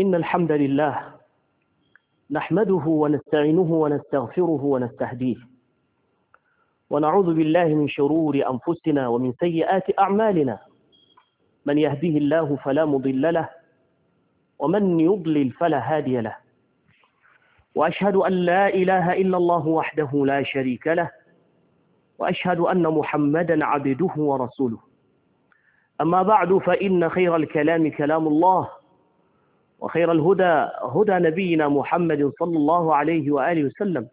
إن الحمد لله نحمده ونستعينه ونستغفره ونستهديه ونعوذ بالله من شرور أنفسنا ومن سيئات أعمالنا من يهديه الله فلا مضل له ومن يضلل فلا هادي له وأشهد أن لا إله إلا الله وحده لا شريك له وأشهد أن محمدا عبده ورسوله أما بعد فإن خير الكلام كلام الله وخير الهدى هدى نبينا محمد صلى الله عليه وآله وسلم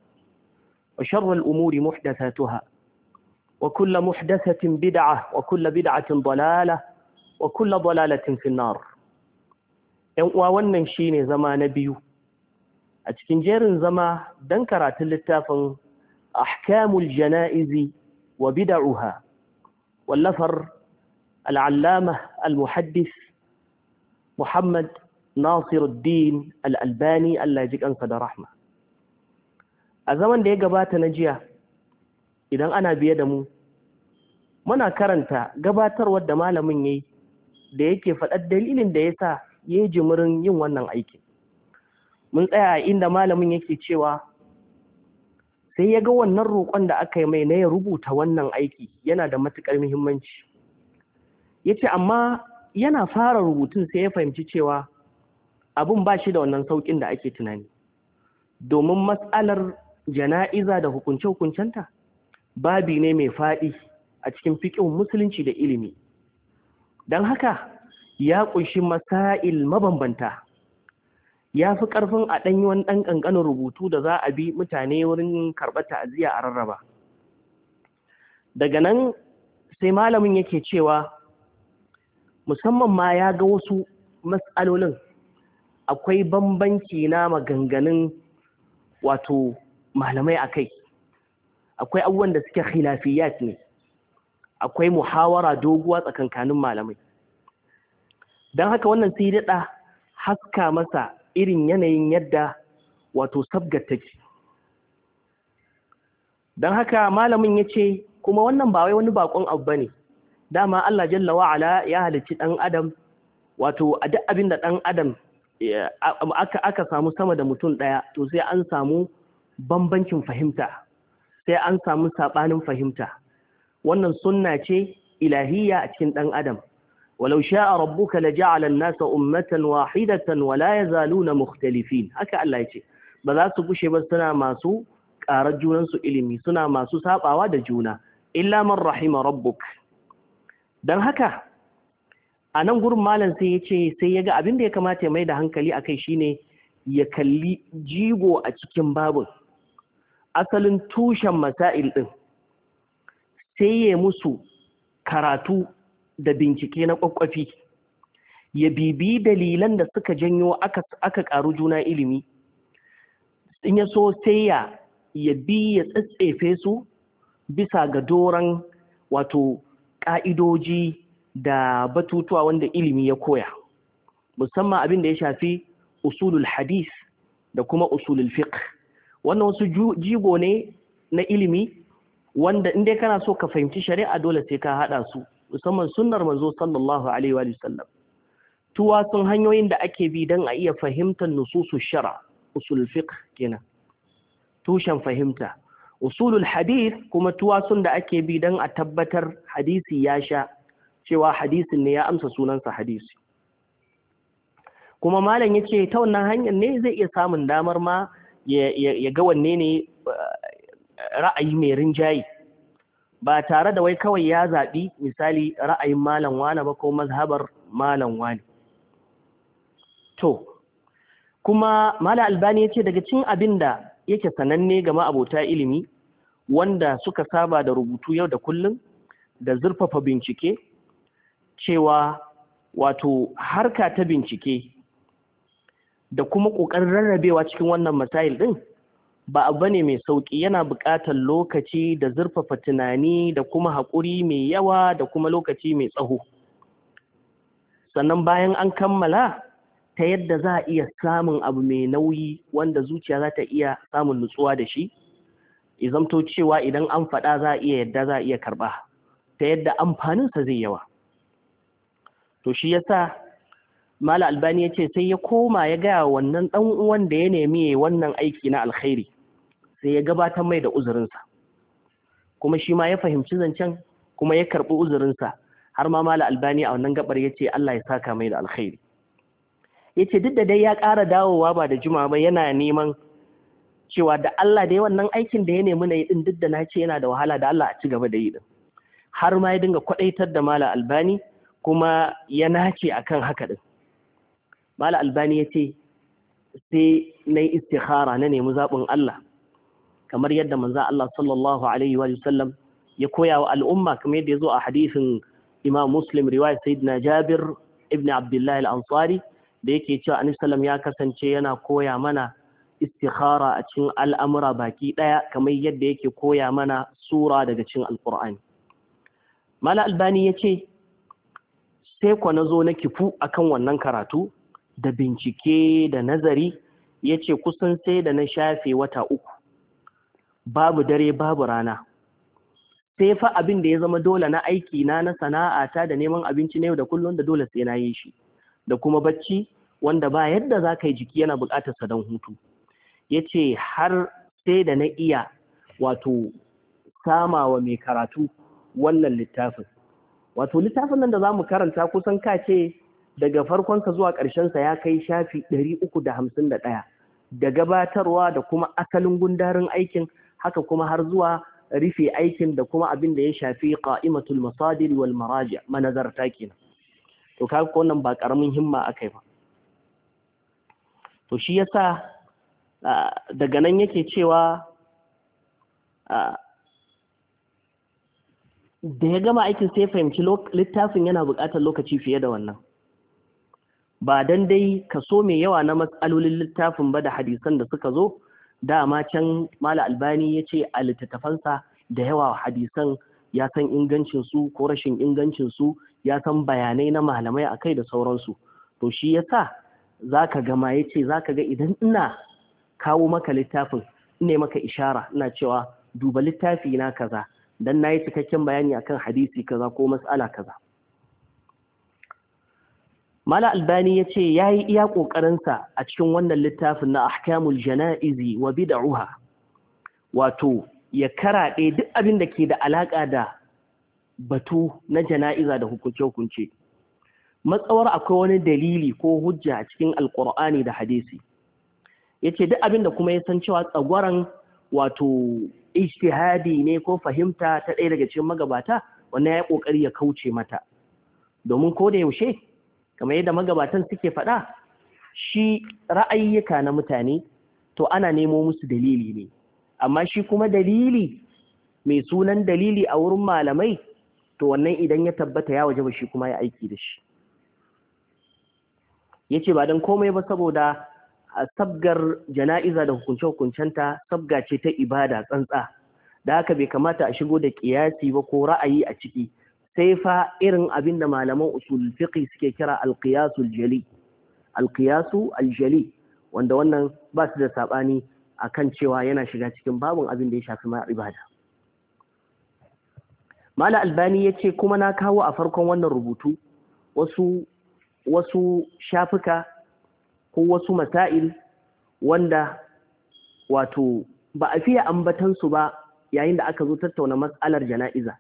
وشر الأمور محدثاتها وكل محدثة بدعة وكل بدعة ضلالة وكل ضلالة في النار وأولا شيني زما نبي أتكنجير جير زما دنكرات اللتاف أحكام الجنائز وبدعها واللفر العلامة المحدث محمد Nasiruddin Al-Albani Allah ji kansa da rahma a zaman da ya gabata na jiya idan ana biye da mu muna karanta gabatarwar da malamin yayi da yake faɗar dalilin da ya ya yayi jimirin yin wannan aikin mun tsaya inda malamin yake cewa sai ya ga wannan roƙon da aka yi mai na ya rubuta wannan aiki yana da matuƙar muhimmanci ya ce amma yana fara rubutun sai ya fahimci cewa abun ba shi da wannan saukin da ake tunani domin matsalar jana'iza da hukunce-hukuncenta babi ne mai faɗi a cikin fiƙin musulunci da ilimi don haka ya ƙunshi masail mabambanta ya fi ƙarfin a ɗanyi wani ɗan ƙanƙanin rubutu da za a bi mutane wurin karɓar ta'aziyya a rarraba daga nan sai malamin yake cewa musamman ma ya ga wasu matsalolin akwai bambanci na maganganun wato malamai a kai akwai abubuwan da suke khilafiyat ne akwai muhawara doguwa tsakankanin malamai don haka wannan sai daɗa haska masa irin yanayin yadda wato sabgar take don haka malamin ya ce kuma wannan ba wai wani bakon abu ba ne dama Allah jalla wa'ala ya halicci ɗan adam wato a duk abin da ɗan adam Eh, aka samu sama da mutum ɗaya to sai an samu bambancin fahimta sai an samu saɓanin fahimta wannan sunna ce ilahiyya a cikin ɗan adam walau sha'a rabbuka la ja'ala an-nasa ummatan wahidatan wa la yazaluna mukhtalifin haka Allah ya ce ba za su gushe ba suna masu ƙarar junan su ilimi suna masu sabawa da juna illa man rahima rabbuk dan haka a nan gurin malam sai ya ce sai ya ga abin da ya kamata ya mai da hankali a kai shine ya kalli jigo a cikin babin asalin tushen masail ɗin sai ya musu karatu da bincike na kwakwafi ya bibi dalilan da suka janyo aka ƙaru juna ilimi in ya so sai ya ya bi ya tsatsefe su bisa ga doron wato ƙa'idoji da batutuwa wanda ilimi ya koya musamman abin da ya shafi usulul hadis da kuma usulul fiqh wannan wasu jigo ne na ilimi wanda in dai kana so ka fahimci shari'a dole sai ka hada su musamman sunnar manzo sallallahu alaihi wa sallam tuwa sun hanyoyin da ake bi don a iya fahimtar nususu shara usulul fiqh kenan tushen fahimta usulul hadith kuma tuwa sun da ake bi don a tabbatar hadisi ya sha cewa hadisin ne ya amsa sunansa hadisi kuma malam ya ta wannan hanyar ne zai iya samun damar ma ya ga wanne ne eh, ra'ayi mai rinjaye ba tare da wai kawai ya zaɓi misali ra'ayin malam wane ba ko mazhabar malam wane to kuma malam albani ya ce daga cin abin da yake sananne ga ma'abota ilimi wanda suka saba da rubutu yau da kullum da zurfafa bincike cewa wato harka ta bincike da kuma ƙoƙarin rarrabewa cikin wannan masail ɗin ba abu ne mai sauƙi yana buƙatar lokaci da zurfafa tunani da kuma haƙuri mai yawa da kuma lokaci mai tsaho sannan bayan an kammala ta yadda za a iya samun abu mai nauyi wanda zuciya za ta iya samun nutsuwa da shi izamto cewa idan an faɗa za a iya yadda za a iya karɓa ta yadda amfaninsa zai yawa to shi yasa mala albani ya ce sai ya koma ya gaya wannan dan uwan da ya nemi wannan aiki na alkhairi sai ya gabatar mai da uzurinsa kuma shi ma ya fahimci zancen kuma ya karɓi uzurinsa har ma mala albani a wannan gabar ya ce Allah ya saka mai da alkhairi ya ce duk da dai ya ƙara dawowa ba da juma ba yana neman cewa da Allah dai wannan aikin da ya nemi na yi din duk da na ce yana da wahala da Allah a ci gaba da yi din har ma ya dinga kwaɗaitar da mala albani kuma ya nace akan haka ɗin mala albani ya ce sai na yi istikhara na nemi zaɓin Allah kamar yadda manza Allah sallallahu alaihi wa sallam ya koya wa al'umma kamar yadda ya zo a hadisin Imam Muslim riwayat Sayyidina Jabir ibn Abdullahi al-Ansari da yake cewa Annabi sallam ya kasance yana koya mana istikhara a cikin al'amura baki ɗaya kamar yadda yake koya mana sura daga cikin Al-Qur'ani Mala Albani ce. sai kwa na zo na kifu akan wannan karatu da bincike da nazari ya ce kusan sai da na shafe wata uku babu dare babu rana sai fa abin da ya zama dole na aiki na na sana'a ta da neman abinci na yau da kullum da dole sai na yi shi da kuma bacci wanda ba yadda za ka yi jiki yana buƙatar sa don hutu ya ce har sai da na iya wato sama wa mai karatu wannan littafin wato littafin nan da za mu karanta kusan kace daga farkonsa zuwa sa ya kai shafi ɗari uku da da ɗaya da gabatarwa da kuma asalin gundarin aikin haka kuma har zuwa rufe aikin da kuma abin da ya shafi qa'imatul masadir wal maraji manazarta kenan to kaga wannan ba karamin himma akai ba to shi yasa daga nan yake cewa da ya gama aikin sai fahimci littafin yana buƙatar lokaci fiye da wannan ba don dai kaso mai yawa na matsalolin littafin ba da hadisan da suka zo dama can mala albani ya ce a littattafansa da yawa hadisan ya san ingancinsu ko rashin ingancinsu ya san bayanai na malamai a kai da sauransu to shi ya sa za ka gama ya ce za ka ga idan ina kawo maka littafin ne maka ishara ina cewa duba littafi na kaza dan yi cikakken bayani akan hadisi kaza ko mas'ala kaza Mala Albani ya ce ya yi iya ƙoƙarinsa a cikin wannan littafin na ahkamul jana'izi wa bid'uha wato ya karaɗe duk abin da ke da alaƙa da batu na jana'iza da hukunce-hukunce. Matsawar akwai wani dalili ko hujja a cikin alƙur'ani da hadisi. yace duk abin da kuma ya san cewa tsagwaran wato ishtihadi ne ko fahimta ta ɗaya daga cikin magabata wannan ya ƙoƙari ya kauce mata domin ko da yaushe kamar yadda magabatan suke faɗa shi ra'ayyuka na mutane to ana nemo musu dalili ne amma shi kuma dalili mai sunan dalili a wurin malamai to wannan idan ya tabbata ya wajaba shi kuma ya aiki da shi yace ba don komai ba saboda A sabgar jana'iza da hukunce-hukuncenta sabga ce ta ibada tsantsa da haka bai kamata a shigo da kiyasi ba ko ra'ayi a ciki sai fa irin abin da malaman usul fiqi suke kira alqiyasul jali alqiyasu aljali wanda wannan ba su da sabani akan cewa yana shiga cikin babin abin da ya shafi ma ibada mala albani ya ce kuma na kawo a farkon wannan rubutu wasu wasu shafuka ko wasu masail wanda wato ba a fiye ambatansu ba yayin da aka zo tattauna matsalar jana'iza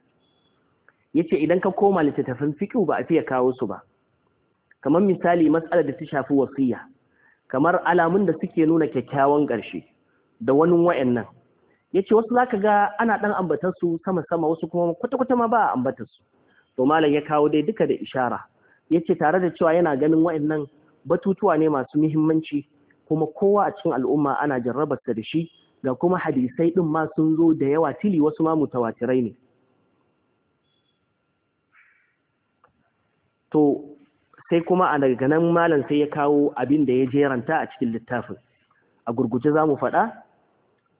yace idan ka koma littattafan fiqh ba a fiye kawo su ba kamar misali matsalar da ta shafi wasiya kamar alamun da suke nuna kyakkyawan ƙarshe da wani wa'annan yace wasu zaka ga ana dan ambatan su sama sama wasu kuma kwata kwata ma ba a ambatan su to malam ya kawo dai duka da ishara yace tare da cewa yana ganin wayannan. batutuwa ne masu muhimmanci kuma kowa a cikin al'umma ana jarrabarsa da shi ga kuma hadisai ɗin ma sun zo da yawa tili wasu ma mutawatirai ne to sai kuma a daga nan malam sai ya kawo abin da ya jeranta a cikin littafin a gurguje za mu faɗa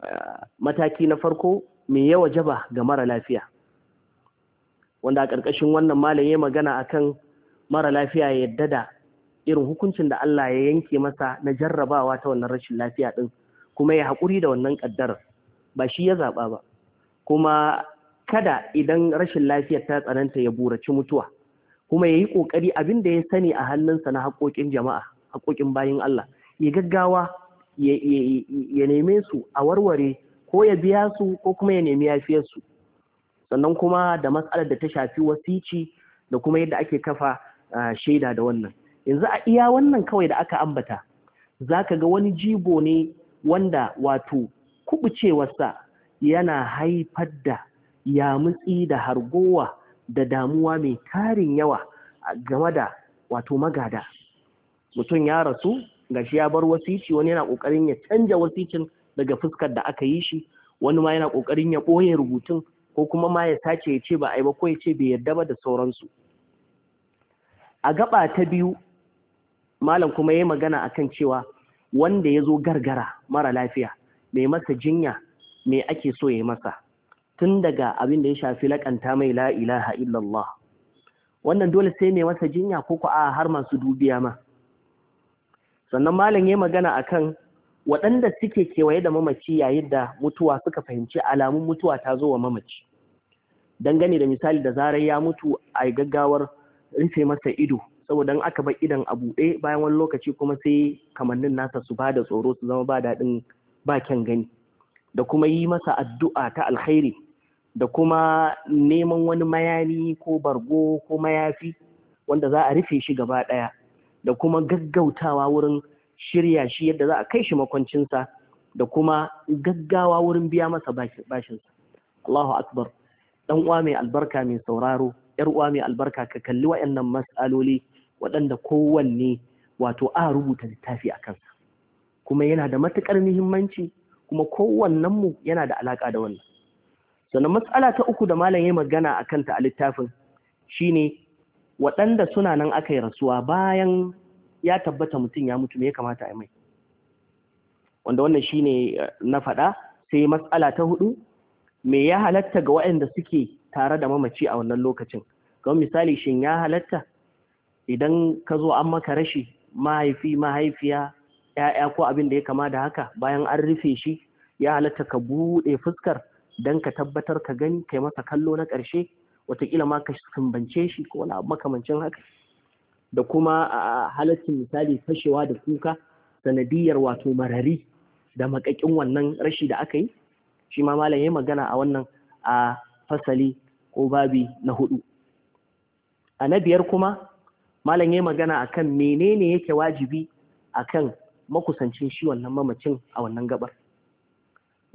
eh, mataki na farko mai yawa jaba ga mara lafiya wanda a ƙarƙashin wannan malam ya magana akan mara lafiya ya yadda da irin hukuncin da Allah ya yanke masa na jarrabawa ta wannan rashin lafiya ɗin kuma ya haƙuri da wannan ƙaddarar ba shi ya zaɓa ba kuma kada idan rashin lafiyar ta tsananta ya buraci mutuwa kuma ya yi ƙoƙari abin da ya sani a hannunsa na haƙoƙin jama'a haƙoƙin bayin Allah ya gaggawa ya neme su a warware ko ya biya su ko kuma ya nemi su, sannan kuma da matsalar da ta shafi wasici da kuma yadda ake kafa ah, shaida da wannan yanzu a iya wannan kawai da aka ambata za ka ga wani jibo ne wanda wato kubucewarsa yana haifar da yamutsi da hargowa da damuwa mai karin yawa game da wato magada mutum ya rasu ga shi ya bar wasici wani yana kokarin ya canja wasicin daga fuskar da aka yi shi wani ma yana kokarin ya ɓoye rubutun ko kuma ma ya sace ya ce ba a yi ba ko ya ce bai yarda ba da sauransu a gaba ta biyu malam kuma ya yi magana a kan cewa wanda ya zo gargara mara lafiya mai masa jinya mai ake so ya yi masa tun daga abin da ya shafi lakanta mai la ilaha illallah wannan dole sai mai masa jinya ko ku a har masu dubiya ma sannan malam ya yi magana a kan waɗanda suke kewaye da mamaci yayin da mutuwa suka fahimci alamun mutuwa ta zo wa mamaci dangane da misali da zarar ya mutu a gaggawar rufe masa ido saboda in aka bar idan a buɗe bayan wani lokaci kuma sai kamannin nasa su ba da tsoro su zama ba daɗin ba kyan gani da kuma yi masa addu'a ta alkhairi da kuma neman wani mayani ko bargo ko mayafi wanda za a rufe shi gaba ɗaya da kuma gaggautawa wurin shirya shi yadda za a kai shi makwancinsa da kuma gaggawa wurin biya masa bashinsa Allahu akbar dan uwa mai albarka mai sauraro yar uwa mai albarka ka kalli wa'annan mas'aloli waɗanda kowanne wato a rubuta littafi a kansa kuma yana da matuƙar muhimmanci kuma kowannenmu yana da alaƙa da wannan sannan matsala ta uku da malam ya magana a kanta a littafin shine waɗanda suna nan aka yi rasuwa bayan ya tabbata mutum ya mutu me ya kamata a mai wanda wannan shine eh, na faɗa sai matsala ta hudu me ya halatta ga waɗanda suke tare da mamaci a wannan lokacin kamar misali shin ya halatta idan ka zo an maka rashi mahaifi mahaifiya ‘ya'ya ko abin da ya kama da haka bayan an rufe shi ya halatta ka buɗe fuskar don ka tabbatar ka gani kai masa kallo na ƙarshe watakila ma ka sumbance shi ko wani makamancin haka da kuma halaccin misali fashewa da kuka sanadiyar wato marari da makakin wannan rashi da aka yi shi ma malam ya magana a wannan a fasali ko babi na hudu a na biyar kuma malam ya magana akan menene yake wajibi akan makusancin shi wannan mamacin a wannan gabar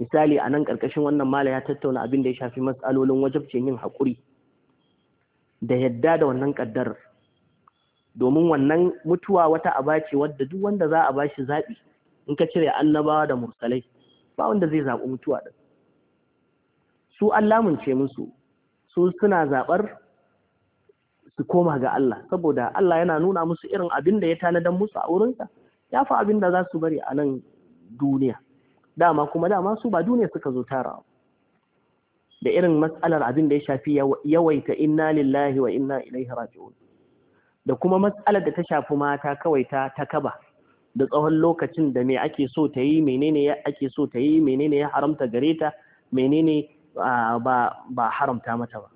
misali a nan ƙarƙashin wannan malam ya tattauna abin da ya shafi matsalolin wajabcin yin haƙuri da yadda da wannan ƙaddarar domin wannan mutuwa wata aba ce wadda duk wanda za a bashi zaɓi in ka cire annabawa da mursalai ba wanda zai zaɓi mutuwa ɗin su mun ce musu su suna zaɓar su koma ga Allah saboda Allah yana nuna musu irin abin da ya tanadan musu a wurinsa ya fi abin da za su bari a nan duniya dama kuma dama su ba duniya suka zo tara da irin matsalar abin da ya shafi yawaita inna lillahi wa inna ilaihi raji'un da kuma matsalar da ta shafi mata kawai ta takaba da tsawon lokacin da me ake so ta yi menene ake so ta yi menene ya haramta gare ta menene ah, ba haramta mata ba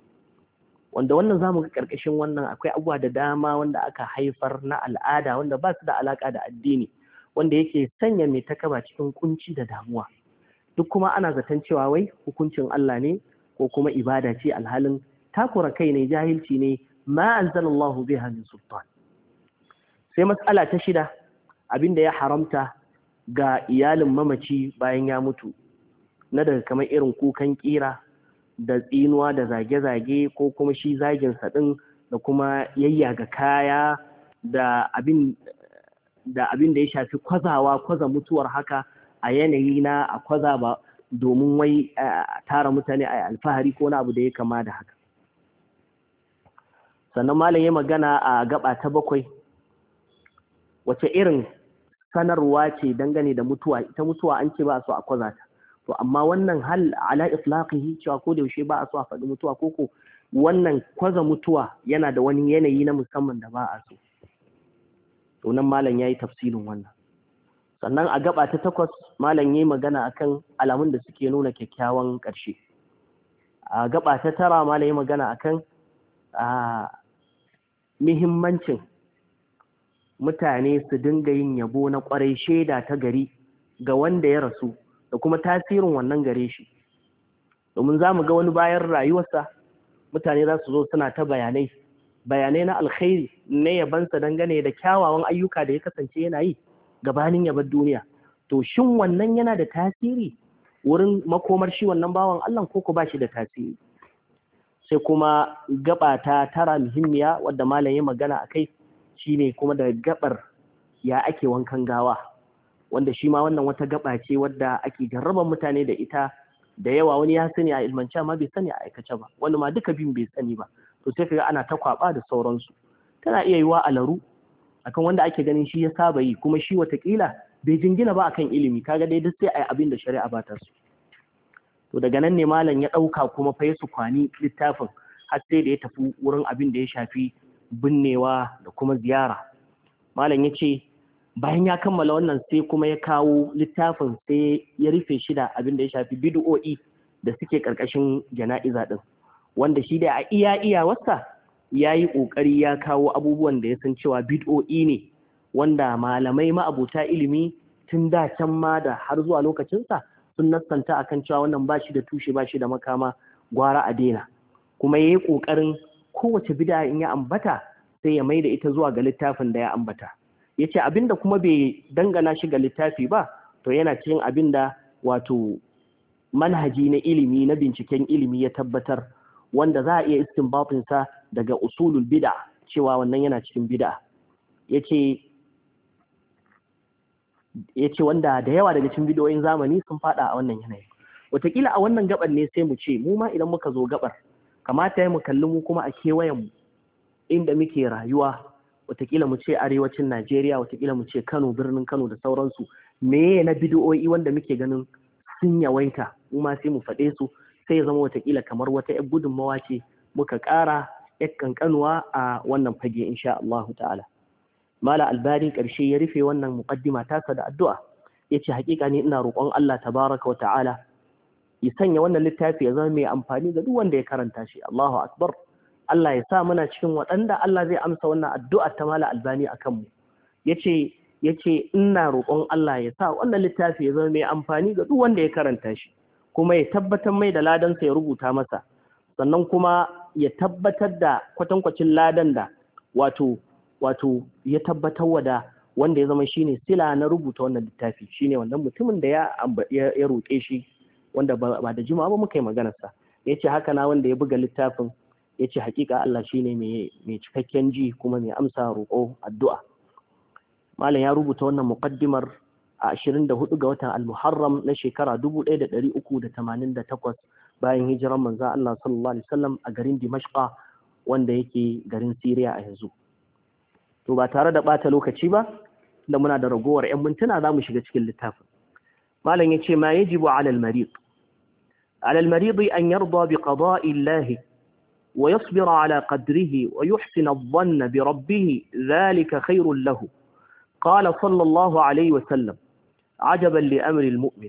wanda wannan zamu ga karkashin wannan akwai abubuwa da dama wanda aka haifar na al'ada wanda ba su da alaka da addini wanda yake sanya mai takaba cikin kunci da damuwa duk kuma ana zaton cewa wai hukuncin Allah ne ko kuma ibada ce alhalin takura kai ne jahilci ne ma anzalallahu biha min sultan sai matsala ta shida abin da ya haramta ga iyalin mamaci bayan ya mutu na daga kamar irin kukan kira da tsinuwa da zage-zage ko kuma shi zaginsa ɗin da kuma yayya ga kaya da abin da ya shafi kwazawa kwaza mutuwar haka a yanayi na a kwaza ba domin wai tara mutane a alfahari ko na abu da ya kama da haka sannan malam ya magana a gaba ta bakwai wace irin sanarwa ce dangane da mutuwa ita mutuwa an ce ba su a kwaza ta to amma wannan hal ala itlaqihi cewa ko da yaushe ba a so a faɗi mutuwa ko ko wannan kwaza mutuwa yana da wani yanayi na musamman da ba a so to nan malam yayi tafsirin wannan sannan a gaba ta takwas malam yayi magana akan alamun da suke nuna kyakkyawan ƙarshe a gaba ta tara malam yayi magana akan a muhimmancin mutane su dinga yin yabo na kwarai shaida ta gari ga wanda ya rasu da kuma tasirin wannan gare shi domin za mu ga wani bayan rayuwarsa mutane za su zo suna ta bayanai bayanai na alkhairi na yabansa dangane da kyawawan ayyuka da ya kasance yana yi gabanin yabar duniya to shin wannan yana da tasiri wurin makomar shi wannan bawan Allah ko ko ba shi da tasiri sai kuma gaba ta tara muhimmiya wadda malam ya magana akai shine kuma da gabar ya ake wankan gawa wanda shi ma wannan wata gaba ce wadda ake jarraban mutane da ita da yawa wani ya sani a ilmance amma bai sani a aikace ba wani ma duka bin bai sani ba to sai kaga ana ta kwaba da sauransu tana iya yiwa a laru akan wanda ake ganin shi ya saba yi kuma shi watakila bai jingina ba akan ilimi kaga dai duk sai a yi abin da shari'a ba ta so to daga nan ne malam ya ɗauka kuma fa ya kwani littafin har sai da ya tafi wurin abin da ya shafi binnewa da kuma ziyara malam ya ce bayan ya kammala wannan sai kuma ya kawo littafin sai ya rufe shi da abin da ya shafi bid'o'i da suke karkashin jana'iza din wanda shi da a iya iya wasa ya yi ƙoƙari ya kawo abubuwan da ya san cewa bid'o'i ne wanda malamai ma'abuta ilimi tun da can ma da har zuwa lokacinsa sun nassanta akan cewa wannan ba shi da tushe ba shi da makama gwara a daina kuma ya yi ƙoƙarin kowace bida in ya ambata sai ya maida ita zuwa ga littafin da ya ambata ya ce abinda kuma bai dangana shi ga littafi ba to yana cikin abinda wato manhaji na ilimi na binciken ilimi ya tabbatar wanda za a iya istinbatinsa daga usulul bid'a cewa wannan yana cikin bid'a yace ce wanda da yawa daga cikin bidoyin zamani sun fada a wannan yanayi Watakila a wannan gabar ne sai mu ce mu ma idan muka zo gabar kamata ya mu kalli mu kuma a kewayen mu inda muke rayuwa watakila mu ce arewacin Najeriya watakila mu ce Kano birnin Kano da sauransu me na bidiyo'i wanda muke ganin sun yawaita mu ma sai mu faɗe su sai ya zama watakila kamar wata yar gudunmawa ce muka ƙara yar kankanuwa a wannan fage insha Allah ta'ala mala albani ƙarshe ya rufe wannan muqaddima tasa da addu'a yace hakika ne ina roƙon Allah tabaraka wa ta'ala ya sanya wannan littafi ya zama mai amfani ga duk wanda ya karanta shi Allahu akbar Allah ya sa muna cikin waɗanda Allah zai amsa wannan addu'a ta mala albani a kanmu yace yace ina roƙon Allah ya sa wannan littafi ya zama mai amfani ga duk wanda ya karanta shi kuma ya tabbatar mai da ladansa ya rubuta masa sannan kuma ya tabbatar da kwatankwacin ladan da wato wato ya tabbatar wa da wanda ya zama shine sila na rubuta wannan littafi shine wannan mutumin da ya ya roƙe shi wanda ba da jimawa ba muka yi maganarsa ya ce haka na wanda ya buga littafin ya ce hakika Allah shi ne mai cikakken ji kuma mai amsa roƙo addu'a malam ya rubuta wannan muqaddimar a 24 ga watan al-muharram na shekara 1388 bayan hijiran manza Allah sallallahu alaihi wasallam a garin Dimashqa wanda yake garin Siriya a yanzu to ba tare da bata lokaci ba da muna da ragowar 'yan mintuna za mu shiga cikin littafin malam ya ce ma yajibu alal marid alal maridi an yarda bi qada'i Allah ويصبر على قدره ويحسن الظن بربه ذلك خير له قال صلى الله عليه وسلم عجبا لأمر المؤمن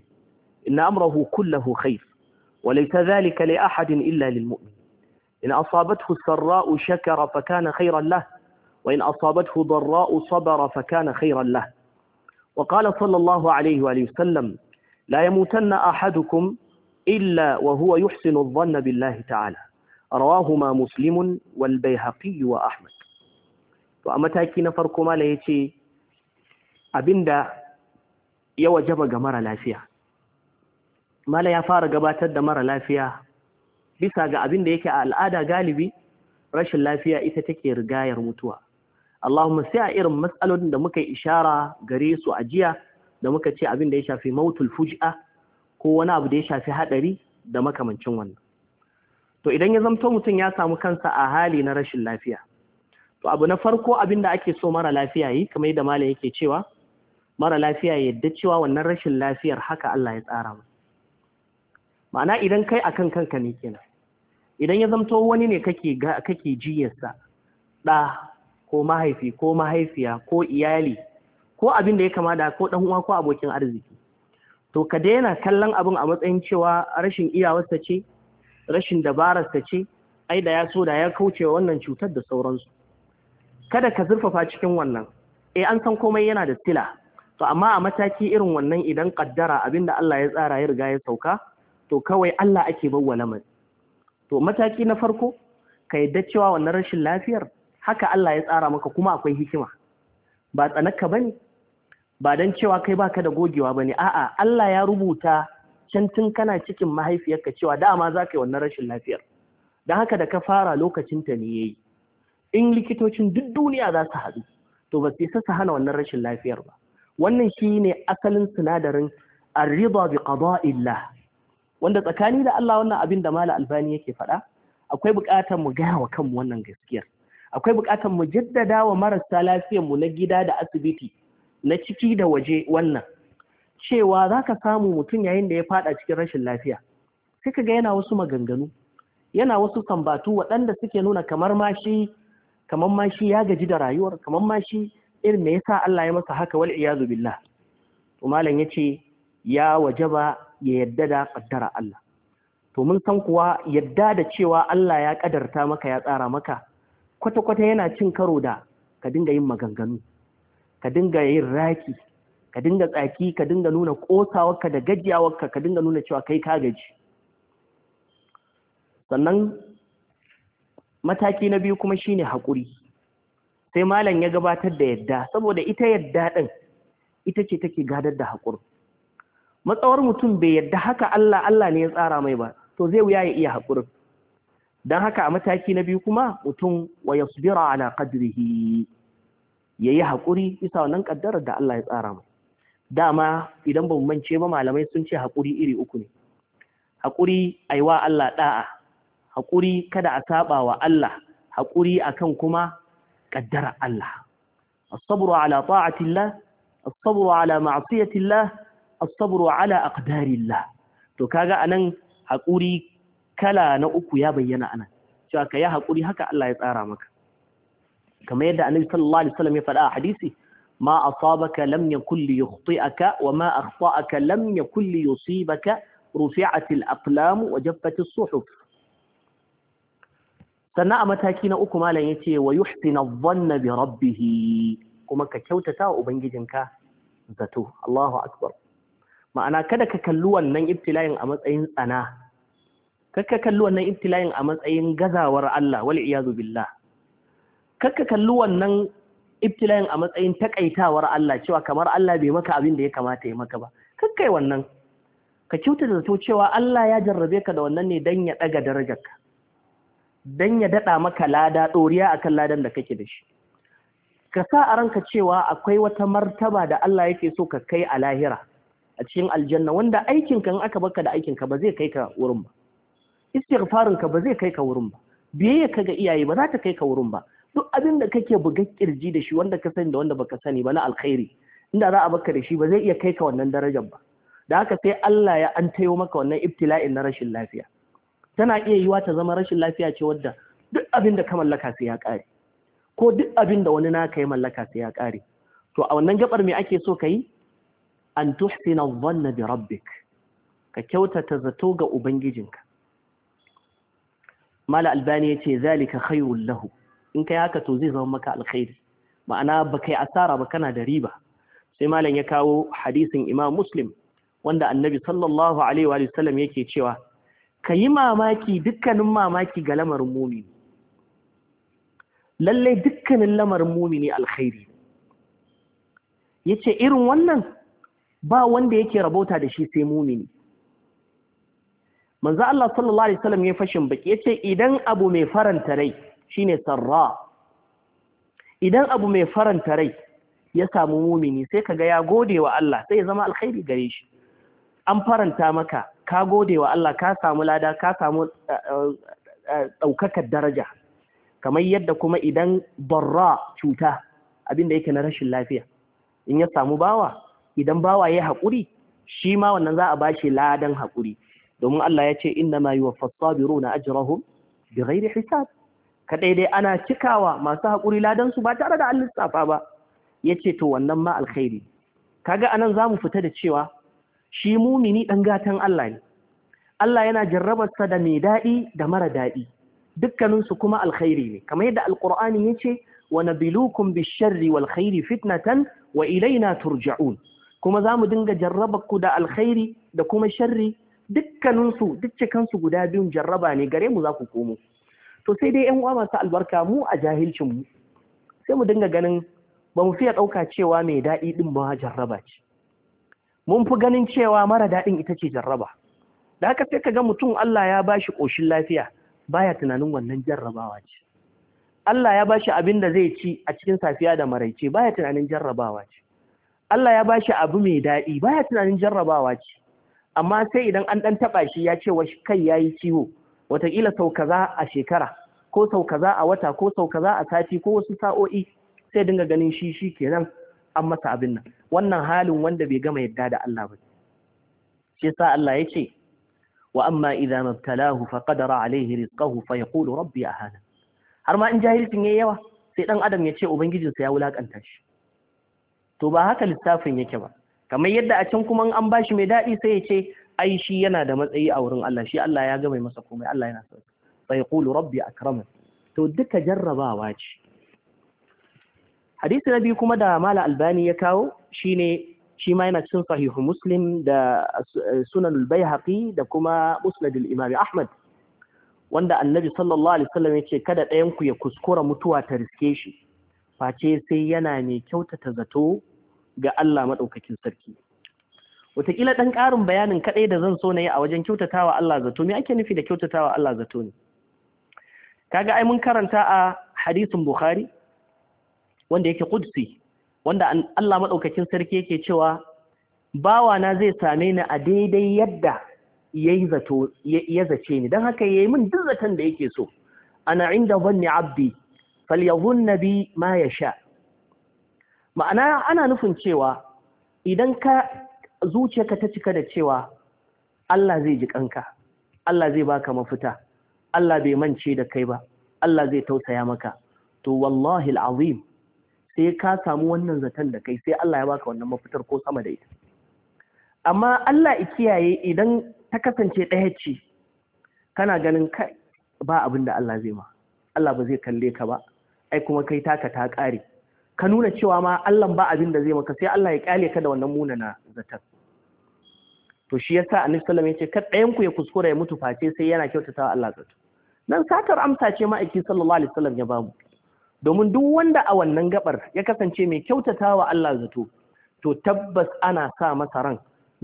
إن أمره كله خير وليس ذلك لأحد إلا للمؤمن إن أصابته السراء شكر فكان خيرا له وإن أصابته ضراء صبر فكان خيرا له وقال صلى الله عليه وآله وسلم لا يموتن أحدكم إلا وهو يحسن الظن بالله تعالى rawahuma muslimun wal baihaqi wa ahmad to a mataki na farko mala yace abinda ya wajaba ga mara lafiya mala ya fara gabatar da mara lafiya bisa ga abinda yake a al'ada galibi rashin lafiya ita take rigayar mutuwa Allahumma sai a irin matsalolin da muka ishara gare su a jiya da muka ce abin da ya shafi mautul fuj'a ko wani abu da ya shafi hadari da makamancin wannan to idan ya zamto mutum ya samu kansa a hali na rashin lafiya to abu na farko abin da ake so mara lafiya yi kamar yadda malam yake cewa mara lafiya ya yadda cewa wannan rashin lafiyar haka Allah ya tsara mu ma'ana idan kai akan kanka ne kenan idan ya zamto wani ne kake kake jiyarsa ɗa ko mahaifi ko mahaifiya ko iyali ko abin da ya kama da ko ɗan uwa ko abokin arziki to ka daina kallon abin a matsayin cewa rashin iyawarsa ce rashin dabarar ta ce ai da ya so da ya kauce wannan cutar da sauransu kada ka zurfafa cikin wannan eh an san komai yana da tila to amma a mataki irin wannan idan kaddara abinda Allah ya tsara ya riga ya sauka to kawai Allah ake bawa lamarin to mataki na farko ka yadda cewa wannan rashin lafiyar haka Allah ya tsara maka kuma akwai hikima ba tsanaka bane ba dan cewa kai baka da gogewa bane a'a Allah ya rubuta can tun kana cikin mahaifiyarka cewa dama za ka yi wannan rashin lafiyar don haka da ka fara lokacin ta ne yayi in likitocin duk duniya za su haɗu to ba sai su hana wannan rashin lafiyar ba wannan shi ne asalin sinadarin arriba bi qada'illah wanda tsakani da Allah wannan abin da Malam albani yake faɗa akwai buƙatar mu gaya wa kanmu wannan gaskiyar akwai buƙatar mu jaddada wa marasa lafiyar mu na gida da asibiti na ciki da waje wannan cewa za ka samu mutum yayin da ya fada cikin rashin lafiya sai ka ga yana wasu maganganu yana wasu kambatu waɗanda suke nuna kamar ma kamar ma ya gaji da rayuwar kamar mashi, shi irin me yasa Allah ya masa haka wal iyazu billah to malam ce ya wajaba ya yadda da kaddara Allah to mun san kuwa yadda da cewa Allah ya kadarta maka ya tsara maka kwata-kwata yana cin karo da ka dinga yin maganganu ka dinga yin raki ka dinga tsaki ka dinga nuna kosawarka da gajiyawarka ka dinga nuna cewa kai ka gaji sannan mataki na biyu kuma shine haƙuri sai malam ya gabatar da yadda saboda ita yadda din ita ce take gadar da haƙuri matsawar mutum bai yadda haka Allah Allah ne ya tsara mai ba to zai wuya ya iya haƙurin dan haka a mataki na biyu kuma mutum wa yasbira ala qadrihi yayi haƙuri isa wannan ƙaddarar da Allah ya tsara mai dama idan ba mance ba malamai sun ce haƙuri iri uku ne haƙuri aiwa Allah ɗa'a haƙuri kada a saba wa Allah haƙuri akan kuma ƙaddara Allah as-sabru ala ta'atillah as-sabru ala ma'siyatillah as-sabru ala aqdarillah to kaga anan haƙuri kala na uku ya bayyana anan cewa ka yi haƙuri haka Allah ya tsara maka kamar yadda annabi sallallahu alaihi wasallam ya faɗa a hadisi ما أصابك لم يكن ليخطئك وما أخطأك لم يكن ليصيبك رفعت الأقلام وجفت الصحف sannan a mataki na uku malam yace wa yuhsina dhanna bi rabbih kuma ka kyautata wa ubangijinka zato Allahu akbar ma'ana kada ka kalli wannan ibtila'in a matsayin tsana kakka kalli wannan ibtila'in a matsayin gazawar Allah wal iyazu billah kakka kalli wannan ibtila'in a matsayin takaitawar Allah cewa kamar Allah bai maka abin da ya kamata ya maka ba kakkai wannan ka kyauta da zato cewa Allah ya jarrabe ka da wannan ne dan ya daga ka, dan ya dada maka lada doriya akan ladan da kake da shi ka sa a ranka cewa akwai wata martaba da Allah yake so ka kai a lahira a cikin aljanna wanda aikin kan aka baka da aikin ka ba zai kai ka wurin ba istighfarin ka ba zai kai ka wurin ba biyayya ka ga iyaye ba za ta kai ka wurin ba duk abin da kake buga kirji da shi wanda ka sani da wanda baka sani ba na alkhairi inda za a baka da shi ba zai iya kai ka wannan darajar ba da haka sai Allah ya an tayo maka wannan ibtila'in na rashin lafiya tana iya yiwa ta zama rashin lafiya ce wadda duk abin da ka mallaka sai ya kare ko duk abin da wani naka ya mallaka sai ya kare to a wannan gabar me ake so kai an tuhsina dhanna bi rabbik ka kyautata zato ga ubangijinka mala albani yace zalika khairul lahu in kai haka to zai zama maka alkhairi ma'ana ba kai asara ba kana da riba sai malam ya kawo hadisin imam muslim wanda annabi sallallahu alaihi wa sallam yake cewa ka yi mamaki dukkanin mamaki ga lamarin mumini lallai dukkanin lamarin mumini alkhairi yace irin wannan ba wanda yake rabota da shi sai mumini manzo Allah sallallahu alaihi wasallam ya fashin baki yace idan abu mai faranta rai shine sarra idan abu mai faranta rai ya samu mumini sai kaga ya gode wa Allah sai ya zama alkhairi gare shi an faranta maka ka gode wa Allah ka samu lada ka samu eh, eh, eh, ɗaukakar daraja kamar yadda kuma idan barra cuta abinda yake na rashin lafiya in ya samu bawa idan bawa ya haƙuri shi ma wannan za a ba shi ladan haƙuri domin Allah ya ce inna ma yuwaffas sabiruna ajrahum bighairi hisab kadai dai ana cikawa masu haƙuri ladansu ba tare da an lissafa ba ya ce to wannan ma alkhairi kaga anan za mu fita da cewa shi mumini ɗan gatan Allah ne Allah yana jarrabarsa da mai daɗi da mara daɗi dukkaninsu kuma alkhairi ne kamar yadda alkur'ani ya ce wa nabilukum bisharri wal khairi fitnatan wa ilaina turja'un kuma za mu dinga jarrabarku da alkhairi da kuma sharri dukkaninsu duk cikansu guda biyun jarraba ne gare mu za ku komo to sai dai yan uwa masu albarka mu a jahilcin mu sai mu dinga ganin ba mu fiye ɗauka cewa mai daɗi ɗin ba jarraba ce mun fi ganin cewa mara daɗin ita ce jarraba da haka sai ka ga mutum Allah ya bashi ƙoshin lafiya baya tunanin wannan jarrabawa ce Allah ya bashi abin da zai ci a cikin safiya da maraice baya tunanin jarrabawa ce Allah ya bashi abu mai daɗi baya tunanin jarrabawa ce amma sai idan an ɗan taɓa shi ya ce wa kai yi ciwo watakila sau kaza a shekara ko sau kaza a wata ko sau kaza a sati ko wasu sa'o'i sai dinga ganin shi shi kenan an masa abin nan wannan halin wanda bai gama yadda da Allah ba shi sa Allah ya ce wa amma idza mabtalahu qadara alayhi rizqahu yaqulu rabbi ahana har ma in jahilcin yayi yawa sai dan adam ya ce sa ya wulakanta shi to ba haka lissafin yake ba kamar yadda a can kuma an bashi mai dadi sai ya ce ai shi yana da matsayi a wurin Allah shi Allah ya ga mai masa komai Allah yana sa fa yaqulu rabbi akraman to duka jarrabawa ce hadisi na biyu kuma da mala albani ya kawo shine shi ma yana cikin sahihu muslim da sunan al da kuma musnad al-imam ahmad wanda annabi sallallahu alaihi wasallam yace kada ɗayan ku ya kuskura mutuwa ta riske shi face sai yana mai kyautata zato ga Allah madaukakin sarki wataƙila ɗan ƙarin bayanin kaɗai da zan so na yi a wajen kyautatawa Allah zato me ake nufi da kyautatawa Allah zato ne kaga ai mun karanta a hadisin Bukhari wanda yake kudsi wanda Allah maɗaukakin sarki yake cewa "Bawa na zai same ni a daidai yadda yayi zato ya zace ni dan haka yayi min duk zaton da yake so ana inda zanni abdi ya bi ma yasha ma'ana ana nufin cewa idan ka zuciyarka ta cika da cewa Allah zai ji kanka Allah zai baka mafita Allah bai mance da kai ba Allah zai tausaya maka to wallahi alazim sai ka samu wannan zaton da kai sai Allah ya baka wannan mafitar ko sama da ita amma Allah ya kiyaye idan ta kasance ɗaya ce kana ganin kai ba abin da Allah zai ma Allah ba zai kalle ka ba ai kuma kai taka ta ƙare ka nuna cewa ma Allah ba abin da zai maka sai Allah ya kyale ka da wannan munana zaton to shi yasa annabi sallallahu alaihi wasallam yace kar ɗayan ku ya kuskura ya mutu face sai yana kyautatawa Allah zato nan satar amsa ce ma'aiki sallallahu alaihi wasallam ya bamu domin duk wanda a wannan gabar ya kasance mai kyautatawa Allah zato to tabbas ana sa masa ran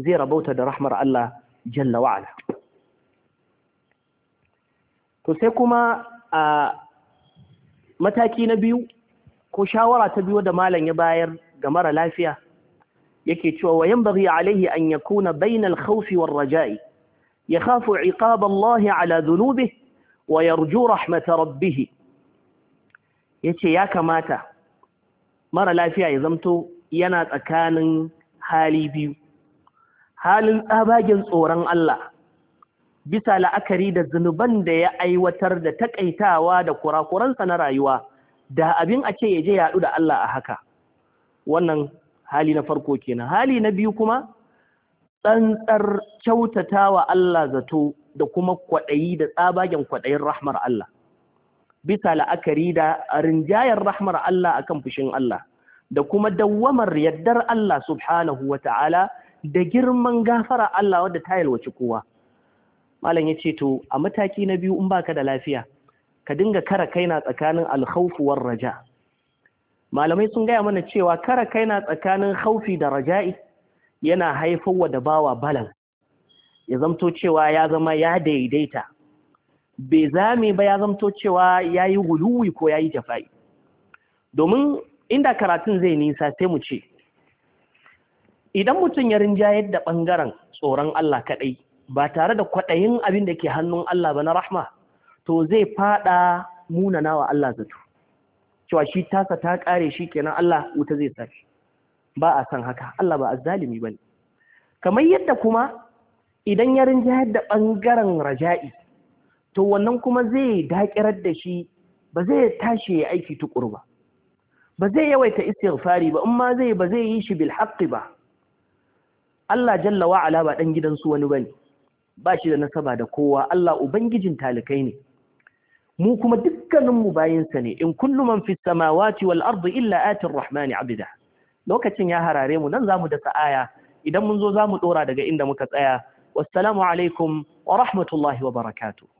zai rabauta da rahmar Allah jalla ala to sai kuma a mataki na biyu ko shawara ta biyu da malam ya bayar ga mara lafiya yake cewa wa yanbaghi alaihi an yakuna bainal khawfi war raja'i yakhafu iqab Allah ala dhunubihi wa yarju rahmat rabbih yace ya kamata mara lafiya ya zamto yana tsakanin hali biyu halin tsabagen tsoron Allah bisa la'akari da zunuban da ya aiwatar da takaitawa da kurakuransa na rayuwa da abin a ce ya je yaɗu da Allah a haka wannan hali na farko kenan hali na biyu kuma tsantsar kyautatawa Allah zato da kuma kwaɗayi da tsabagen kwaɗayin rahmar Allah bisa la'akari da rinjayar rahmar Allah akan fushin Allah da kuma dawwamar yaddar Allah subhanahu wa ta'ala da girman gafara Allah wadda ta yalwaci kowa malam ya ce to a mataki na biyu in baka da lafiya ka dinga kara kaina tsakanin alkhawfu war raja malamai sun gaya mana cewa kara na tsakanin haufi da raja'i yana haifarwa da bawa balan ya zamto cewa ya zama ya daidaita bai zame ba ya zamto cewa ya yi guluwi ko ya yi jafa'i domin inda karatun zai nisa sai mu ce idan mutum ya rinjayar da ɓangaren tsoron Allah kaɗai ba tare da kwaɗayin abin da ke hannun Allah ba na rahma to zai faɗa munana wa Allah zato cewa shi tasa ta kare shi kenan Allah wuta zai sa ba a san haka Allah ba azzalimi ne. kamar yadda kuma idan ya rinjayar da bangaren raja'i to wannan kuma zai dakirar da shi ba zai tashi ya aiki tukuru ba ba zai yawaita istighfari ba in ma zai ba zai yi shi bil haqqi ba Allah jalla wa ala ba dan gidansu wani bane ba shi da nasaba da kowa Allah ubangijin talikai ne mu kuma dukkaninmu bayansa ne in kullu man fi samawati wal ardi illa atir rahmani abida lokacin ya harare mu nan zamu dasa aya idan mun zo zamu dora daga inda muka tsaya wassalamu alaikum wa rahmatullahi wa barakatuh